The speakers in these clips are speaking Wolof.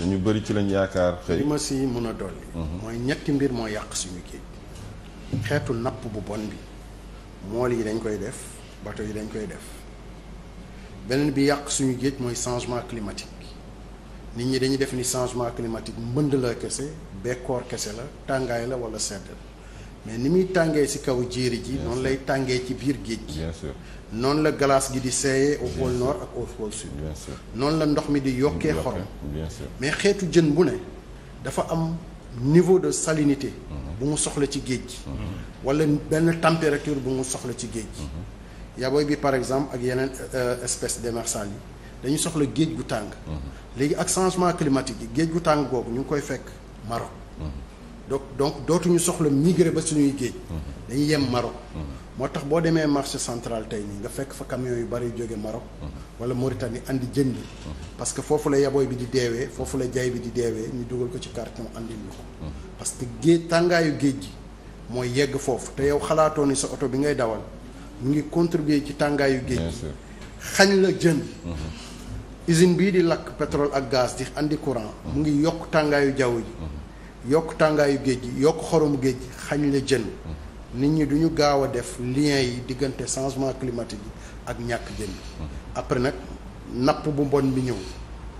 te ñu bëri ci lañ yaakaar xëy. li ma si mën a dolli. Mhm. mooy ñetti mbir moo yàq suñu géej gi. xeetu napp bu bon bi mool yi dañ koy def bato yi dañ koy def beneen bi yàq suñu géej mooy changement climatique nit ñi dañuy def ni changement climatique mbënd la kese bekkoor kese la tàngaay la wala sedd la. mais ni muy tàngee si kaw jéeri ji noonu lay tàngee ci biir géej gi noonu la glace gi di seeyee au pôle nord ak au pôle sud noonu la ndox mi di yokkee xorom mais xeetu jën bu ne dafa am niveau de salinité mhm. bu mu soxla ci géej gi mhm. benn température bu mu soxla ci géej gi mhm. yaboy bi par exemple ak yeneen euh, espèce démersale yi dañu soxla géej gu tàng léegi ak changement climatique yi géej gu tàng googu ñu ngi koy fekk Maroc donc donc dootuñu soxla migrer ba suñuy géej. dañuy yem Maroc. moo tax boo demee marché central tey nii nga fekk fa camion yu bari jóge Maroc. wala Mauritanie andi jën parce que foofu la yaboy bi di deewee foofu la jaay bi di deewee ñu dugal ko ci carton andil ko. parce que géej tàngaayu géej gi mooy yegg foofu te yow xalaatoo ni sa oto bi ngay dawal mu ngi contribuer ci tàngaayu géej gi. xañ la jën. Mhm. usine bii di lakk pétrole ak gaz di andi courant. mu ngi yokk tàngaayu jaww ji. yokk tàngaayu géej gi yokk xoromu géej gi xañ jën nit ñi du ñu gaaw a def lien yi diggante changement climatique yi ak ñàkk jën après nag napp bu mbon bi ñëw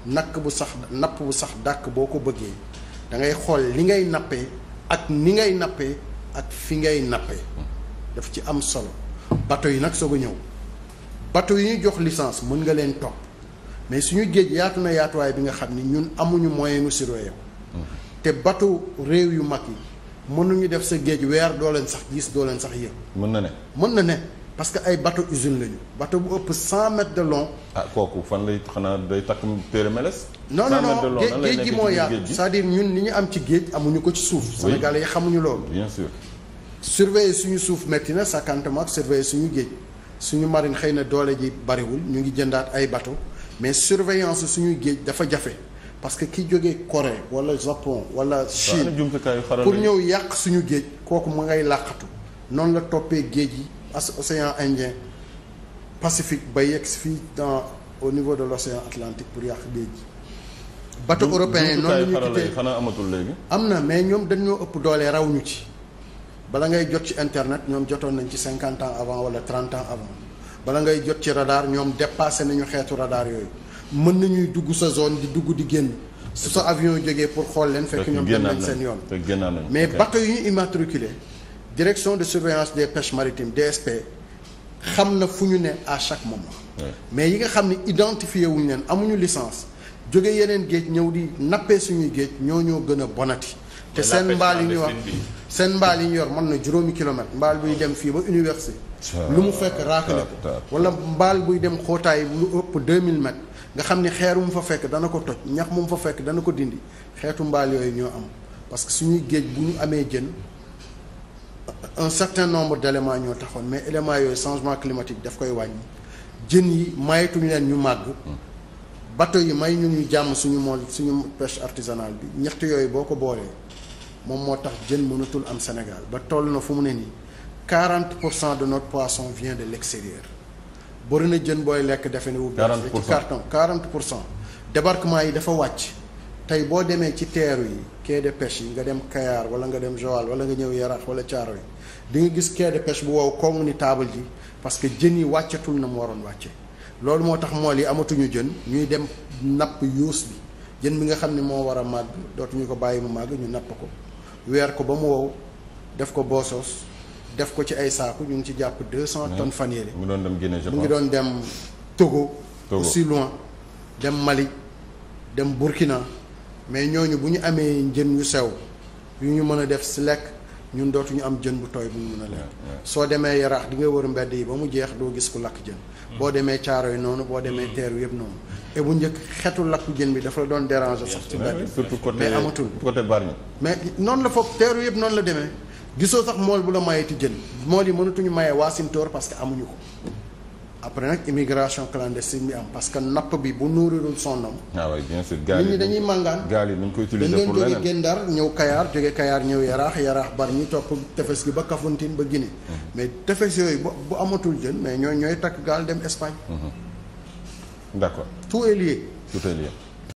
nakk bu sax napp bu sax dàkk boo ko bëggee da ngay xool li ngay nappee ak ni ngay nappee ak fi ngay nappee daf ci am solo bato yi nag soog a ñëw bato yi ñu jox licence mën nga leen topp mais suñu géej yaatu na yaatuwaay bi nga xam ni ñun amuñu moyen mu yam te bateau réew yu mag yi mënuñu def sa géej weer doo leen sax gis doo leen sax yëg. mën na ne mën na ne parce que ay bateau usine lañu bateau bu ëpp cent mètres de lon ah kooku fan lay xanaa day takk téere meles. non non non géej gi moo yaatu c'est-à-dire ñun ni ñu am ci géej amuñu ko ci suuf. Sénégalais yi xamuñu loolu. bien sûr. surveiller suñu suuf métti na sàkkantamak surveiller suñu géej suñu marine xëy na doole ji bariwul ñu ngi jëndaat ay bateau mais surveillance suñuy géej dafa jafe. parce que ki jógee Corée wala Japon wala Chine pour ñëw yàq suñu géej kooku ma ngay làqatu noonu la toppee géej yi océan Indien Pacifique ba yegg fii dans au niveau de l'océan Atlantique pour yàq géej yi bateau européen noonu la ñu kitee xanaa amatul léegi am na mais ñoom dañoo ëpp doolee raw ñu ci bala ngay jot ci internet ñoom jotoon nañ ci cinquante ans avant wala trente ans avant bala ngay jot ci radar ñoom dépassé nañu xeetu radar yooyu mën nañuy dugg sa zone di dugg di génn su sa avion jógee pour xool leen fekk ñoom dem nañ seen yoon mais bateau yu ñu immatriculé direction de surveillance des pêches maritimes DSP xam na fu ñu ne à chaque moment mais yi nga xam ne identifié wuñu leen amuñu licence jóge yeneen géej ñëw di nappee suñuy géej ñoo ñoo gën a bonati te seen mbaal yi ñu wax seen mbaal yi ñu yor mën na juróomi kilomètre mbaal buy dem fii ba université lu mu fekk raakale ko wala mbaal buy dem xootaay lu ëpp 2000 mètres nga xam ni xeer mu fa fekk dana ko toj ñax mu fa fekk dana ko dindi xeetu mbaal yooyu ñoo am parce que suñuy géej bu ñu amee jën un certain nombre d' éléments ñoo taxoon mais éléments yooyu changement climatique daf koy wàññi jën yi mayetuñu leen ñu màgg hmm. bateau yi may ñu ñuy jàmm suñu mool suñu pêche artisanale bi ñett yooyu boo ko boolee moom moo tax jën mënatul am Sénégal ba toll na fu mu ne nii 40 pour cent de notre poisson vient de l'extérieur bëri na jën booy lekk defe ne wu. 40 pour cent ci carton 40 pour cent. débarquement yi dafa wàcc tey boo demee ci teeru yi quai de yi nga dem Kayar wala nga dem Joal wala nga ñëw yaraat wala Caaro yi di nga gis quai de pêche bu wow koŋŋ ni taabal ji parce que jën yi wàccatul na mu waroon wàcce loolu moo tax mool yi amatuñu jën ñuy dem napp yuus bi jën bi nga xam ne moo war a màgg dootuñu ko bàyyi mu màgg ñu napp ko. weer ko ba mu wow def ko boosoos def ko ci ay saaku ñu ngi ci jàpp deux cent tonnes fan yële mu doon dem Guinée je ngi doon dem Togo aussi loin dem Mali dem Burkina mais ñooñu bu ñu amee njën yu sew yu ñu mën a def si lekk ñun dootuñu am jën bu tooy bu ñu mën a lekk soo demee yaraax di nga wër mbedd yi ba mu jeex doo gis ku lakk jën mm. boo demee caaro yi noonu boo demee mm. teeru yëpp noonu et bu njëkk xetu lakku jën bi dafa la doon déranger sax ci mbedd mais amatul mais noonu la foofu teeru yëpp noonu la demee gisoo sax mool bu la mayeti jën mool yi mënatuñu mayee waasintóor parce que amuñu ko après nag immigration clandestine bi am parce que napp bi bu nourrirul son nom. waaw ah bien sûr gaal yi nit ñi dañuy màngaan. gaal yi dañ koy utiliser pour leneen dañ leen jóge Gendar ñëw Kayaar jóge Kayaar ñëw Yaraax Yaraax bar ñi topp tefes gi ba Kafountine ba Guinée. Mm-hmm. mais tefes yooyu bu bu amatul jën mais ñooy ñooy takk gaal dem Espagne. Mm-hmm. d' accord tout est lié.